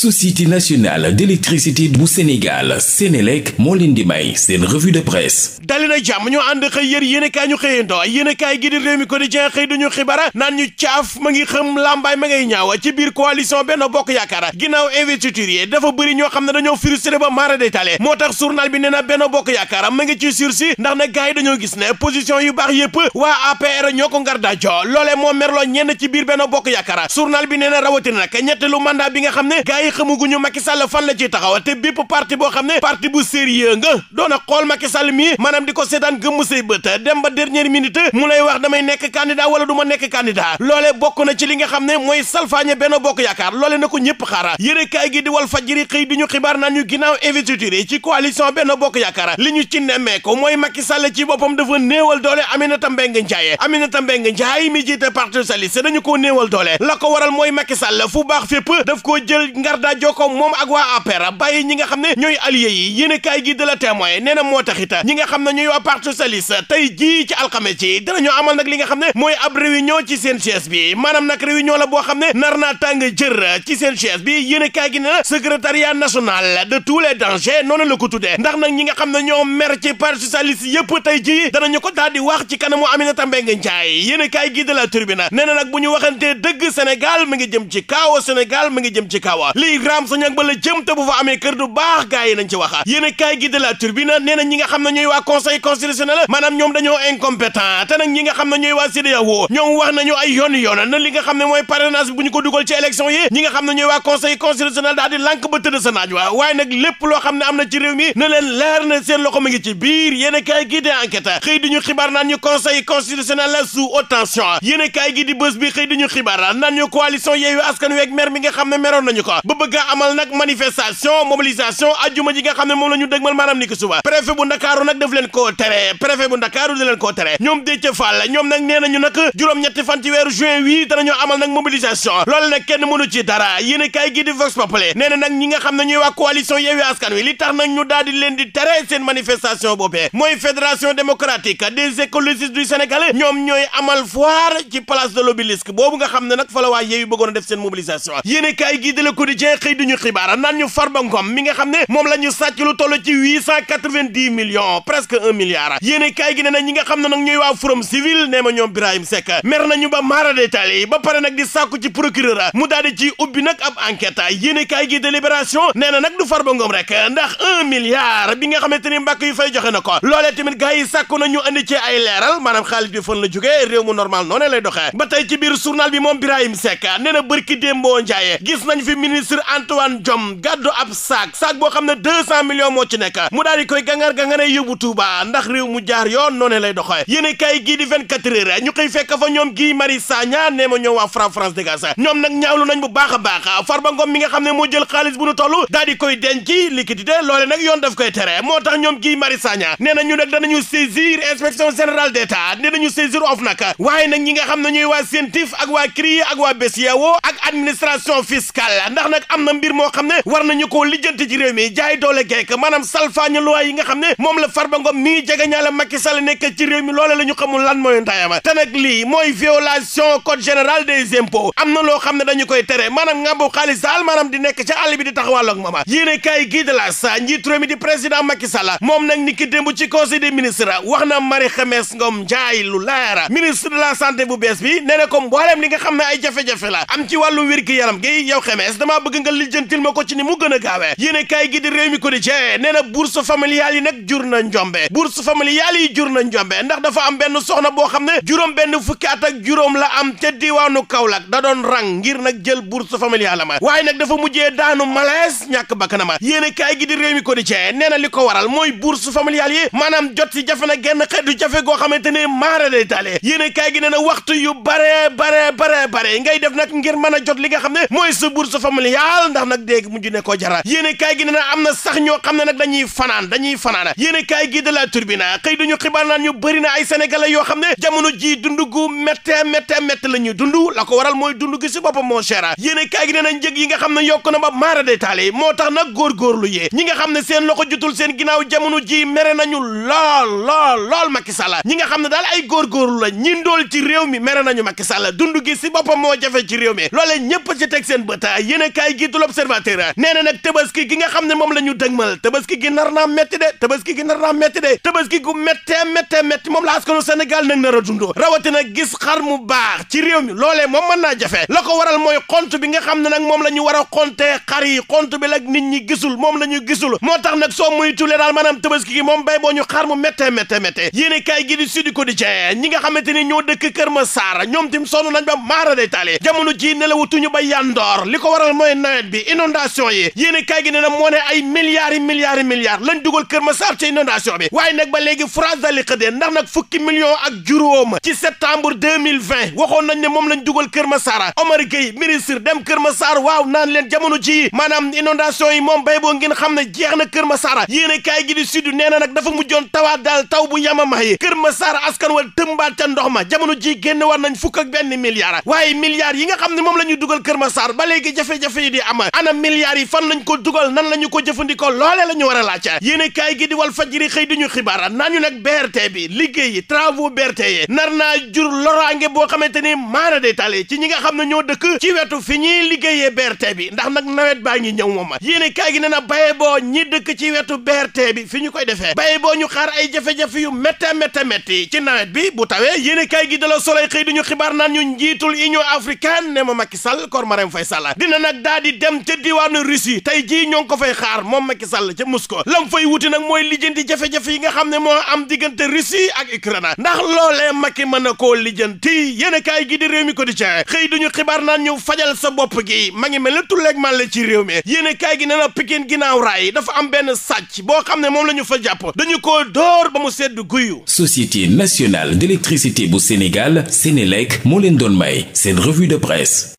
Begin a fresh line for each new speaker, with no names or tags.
société nationale d'électricité bu Sénégal Sénélec moo leen di may seen revue de presse dali na ñu ànd xëy yër yéenekaay ñu xëyandoo yéenekaay gi di Rewmi Quotidien xëy duñu xibara naan ñu caaf ma ngi xam lambaay ñaawa ci biir coalition Benno Bokk Yaakaar ginnaaw investiture yi dafa bëri ñoo xam ne dañoo frustré ba mara détaillé moo tax journal bi nee na Benno Bokk Yaakaar ma ngi ci sursis ndax na gars yi dañoo gis ne position yu baax yépp waa APR ñoo ko ngar daajoo loolee moo merloo ñenn ci biir Benno Bokk Yaakaar ne xamaguñu Macky Sall fan la ciy taxawal te bépp parti boo xam ne parti bu sérieux nga doon a xool Macky Sall mii maanaam di ko seetaan gëmm say bët dem ba dernière minute mu lay wax damay nekk candidat wala du ma nekk candidat loole bokk na ci li nga xam ne mooy salfaañe benn bokk yaakaar loole na ko ñëpp xaara yëre kaay gi di wal fajiri xëy di ñu xibaar na ñu ginnaaw investiture yi ci coalition benn bokk yaakaar li ñu ci nemmee ko mooy Macky Sall ci boppam dafa néewal doole Aminata Mbengue Ndiaye Aminata Mbengue Ndiaye mi jiite parti socialiste dañu koo néewal doole la ko waral mooy Macky Sall fu baax fépp daf koo jël ngar ndax daa jokkoo moom ak waa APR bàyyi ñi nga xam ne ñooy allié yi yéen a kaay gi de la témoin nee na moo taxit ñi nga xam ne ñooy waa parti socialiste tey jii ci alxames ci danañoo amal nag li nga xam ne mooy ab réunion ci seen chaise bi maanaam nag réunion la boo xam ne nar naa tàng jër ci seen chaise bi yéen a kaay gi nee na secrétariat national de tous les dangers noonu la ko tuddee ndax nag ñi nga xam ne ñoo mer ci parti socialiste yëpp tey jii danañu ko daal di wax ci kanamu Aminata Mbengue Ndiaye yéen a kaay gi de la tribune nag bu ñu waxantee dëgg Sénégal mi ngi jëm ci kaawa Sénégal mi ngi jëm ci kaawa day raam sa ñag ba jëm te bu fa amee kër du baax gaa yi nañ waxa yéen a kaay la turbine nee ñi nga xam ne ñooy waa conseil constitutionnel maanaam ñoom dañoo incompétent te nag ñi nga xam ne ñooy waa CEDEAO ñoom wax nañu ay yoon yoon na li xam ne mooy parrainage bu ñu ko dugal ci élection yi ñi nga xam ne ñooy waa conseil constitutionnel daal di lànk ba waa waaye nag lépp loo xam ne am na ci mi na leen na seen loxo mi ngi bëgg a amal nag manifestation mobilisation ajjuma ji nga xam ne moom la ñu dëgmal maanaam ni ki suba préfet bu ndakaaru nag daf leen koo tere préfet bu ndakaaru da leen koo tere ñoom Déthié Fall ñoom nag nee nañu nag juróom-ñetti fan ci weeru juin wi danañu amal nag mobilisation loolu nag kenn mënu ci dara yéen kaay gi Vox Populi nee na nag ñi nga xam ne ñuy waa coalition Yewwi Askan Wi li tax nag ñu daal di leen di tere seen manifestation boobee mooy fédération démocratique des écologistes du Sénégal ñoom ñooy amal foire ci place xam ne nag fa la waa Yewwi bëggoon Quotidien xëy duñu xibaar naan ñu Farba Ngom mi nga xam ne moom la ñu sàcc lu toll ci huit cent quatre-vingt-dix millions presque un milliard yéene kaay gi ne na ñi nga xam ne nag ñooy waa Forum Civil nee ma ñoom Birahim Seck mer nañu ba maara détail yi ba pare nag di sàkku ci procureur mu daal ci ubbi nag ab enquête yéene kaay gi délibération nee nag du Farba Ngom rek ndax un milliard bi nga xamante ni mbàkk yu fay joxe na ko loolee tamit gars yi sàkku ci ay leeral maanaam ministre Antoine Diome gàddu ab saak saak boo xam ne deux cent millions moo ci nekk mu daal di koy gangar gangaree yóbbu Touba ndax réew mu jaar yoon noonu lay doxee yéen kay gii di vingt ñu koy fekk fa ñoom Guy Marius Sagna nee ñoom waa Fra France Dégage ñoom nag ñaawlu nañ bu baax a baax Farba Ngom mi nga xam ne moo jël xaalis bu nu toll daal koy denc liquidité loole nag yoon daf koy tere moo tax ñoom Guy Marius Sagna nee na ñu nag danañu saisir inspection générale d'État nga xam ne ñooy waa CENTIF ak nag am na mbir moo xam ne war nañu ko lijjanti ci réew mi jaay doole geek maanaam salfaañu loi yi nga xam ne moom la Farba Ngom mi ngi jege ñaala Macky Sall nekk ci réew mi loola la ñu xamul lan mooy ndayama te nag lii mooy violation code général des impôts am na loo xam ne dañu koy tere maanaam nga bu xaalis daal maanaam di nekk ci àll bi di taxawàlloog mama yéene kaay gii de la sa njiit réew mi di président Macky Sall moom nag ni ki démb ci conseil des ministres wax na Marie Khemesse Ngom Ndiaye lu leer ministre de la santé bu bees bi nee na ko mbooleem li nga xam ne ay jafe la am ci wàllu wér-gi-yaram gi yow bëgg nga lijjantil ma ko ci ni mu gën a gaawee yéene kaay gi di réew mi ko di cee nee na bourse familiale yi nag jur na njombe bourse familiale yi jur na njombe ndax dafa am benn soxna boo xam ne juróom benn fukki at ak juróom la am ca diwaanu Kaolack da doon rang ngir nag jël bourse la ma waaye nag dafa mujjee daanu malaise ñàkk bakkan ma yéene kaay gi di réew mi ko di cee nee na li ko waral mooy bourse familiale yi maanaam jot si jafe na genn xedu jafe goo xamante ne maara day kaay gi nee na waxtu yu bare bare bare bare ngay def nag ngir mën a jot li nga xam ne mooy sa bourse familiale jaal ndax nag dégg mu ne koo jara yéene gi ne na am na sax ñoo xam ne nag dañuy fanaan dañuy fanaan yéene kaay gi de la turbine xëy duñu xibaar naan ñu bëri na ay sénégalais yoo xam ne jamono jii dund gu métte métte métte la ñuy dund la ko waral mooy dund si boppam moo cher yéene kaay gi ne na njëg yi nga xam ne yokk na ba maara détaillé moo tax na góorgóorlu yee ñi nga xam ne seen loxo jutul seen ginnaaw jamono jii mere nañu lool lool lool Macky Sall ñi nga xam ne daal ay góorgóorlu la ñi ndool ci réew mi mere nañu Macky Sall dund gi si boppam moo jafe ci réew mi loolee ñëpp ci teg seen bët yéene kaay gi du l'observateur nee na nag tabaski gi nga xam ne moom la ñu dëgmal tabaski gi nar naa métti de tabaski gi nar naa métti de tabaski gu méttee méttee métti moom la askanu Sénégal nag nar a dund rawatina gis xar mu baax ci réew mi loolee moom mën naa jafe la ko waral mooy xont bi nga xam ne nag moom la ñu war a xontee xar yi xont bi nag nit ñi gisul moom la ñu gisul moo tax nag soo muy tulee daal maanaam tabaski gi moom bay boo ñu xar mu méttee méttee méttee yéene kaay gi di Sud Quotidien ñi nga xamante ni ñoo dëkk Kër Massar ñoom tim sonn nañ ba maara day taale jamono ji nelawutuñu ba yandoor li ko waral mooy nawet bi inondation yi yéen kaa gi ne na moo ne ay milliards yi milliards yi dugal Kër Massar ca bi waaye nag ba léegi France dali xëdee nag fukki millions ak juróom ci septembre 2020 waxoon nañ ne moom lañ dugal Kër Massar Omar Gueye ministre dem Kër Massar waaw naan leen jamono ji maanaam inondation yi moom bay boo ngeen xam ne jeex na Kër Massar yéen kay gi di sud nee na nag dafa mujjoon tawaat daal taw bu yamama yi Kër Massar askan wal tëmbaat ca ndox ma jamono ji génn war nañ fukk ak benn milliard waaye milliards yi nga xam ne moom la ñu dugal Kër Massar ba léegi jafe-jafe yi yi di am ana milliards yi fan lañ ko dugal nan la ñu ko jëfandikoo loole la ñu war a laaj yéene kaay gi di wal fajiri xëy di ñu xibaar naa ñu nag BRT bi liggéey yi travaux BRT yi nar naa jur loraange boo xamante ni maara détaillé ci ñi nga xam ne ñoo dëkk ci wetu fi ñuy liggéeyee BRT bi ndax nag nawet baa ngi ñëw moom yéene kaay gi nee na baye boo ñi dëkk ci wetu BRT bi fi ñu koy defee baye boo ñu xaar ay jafe-jafe yu métte métte métti ci nawet bi bu tawee yéene kaay gi da la soloy xëy di ñu xibaar naan ñu njiitul Union africaine ne ma dina nag daa di dem ca diwaanu Russie tey jii ñoo ngi ko fay xaar moom Macky Sall ca Moscou lam fay wuti mooy lijjanti jafe yi nga xam ne moo am diggante Russie ak Ukraine ndax loolee Macky mën na koo lijjanti yéen gi di réew mi quotidien xëy duñu xibaar naan ñu fajal sa bopp gi ma ngi mel ne tulleeg man la ci réew mi yéenekaay gi ne na Pikine ginnaaw raay dafa am benn sàcc boo xam ne moom la ñu fa jàpp dañu koo dóor ba mu sedd guyu Société nationale d'électricité bu Sénégal Sénélec moo leen doon may seen revue de presse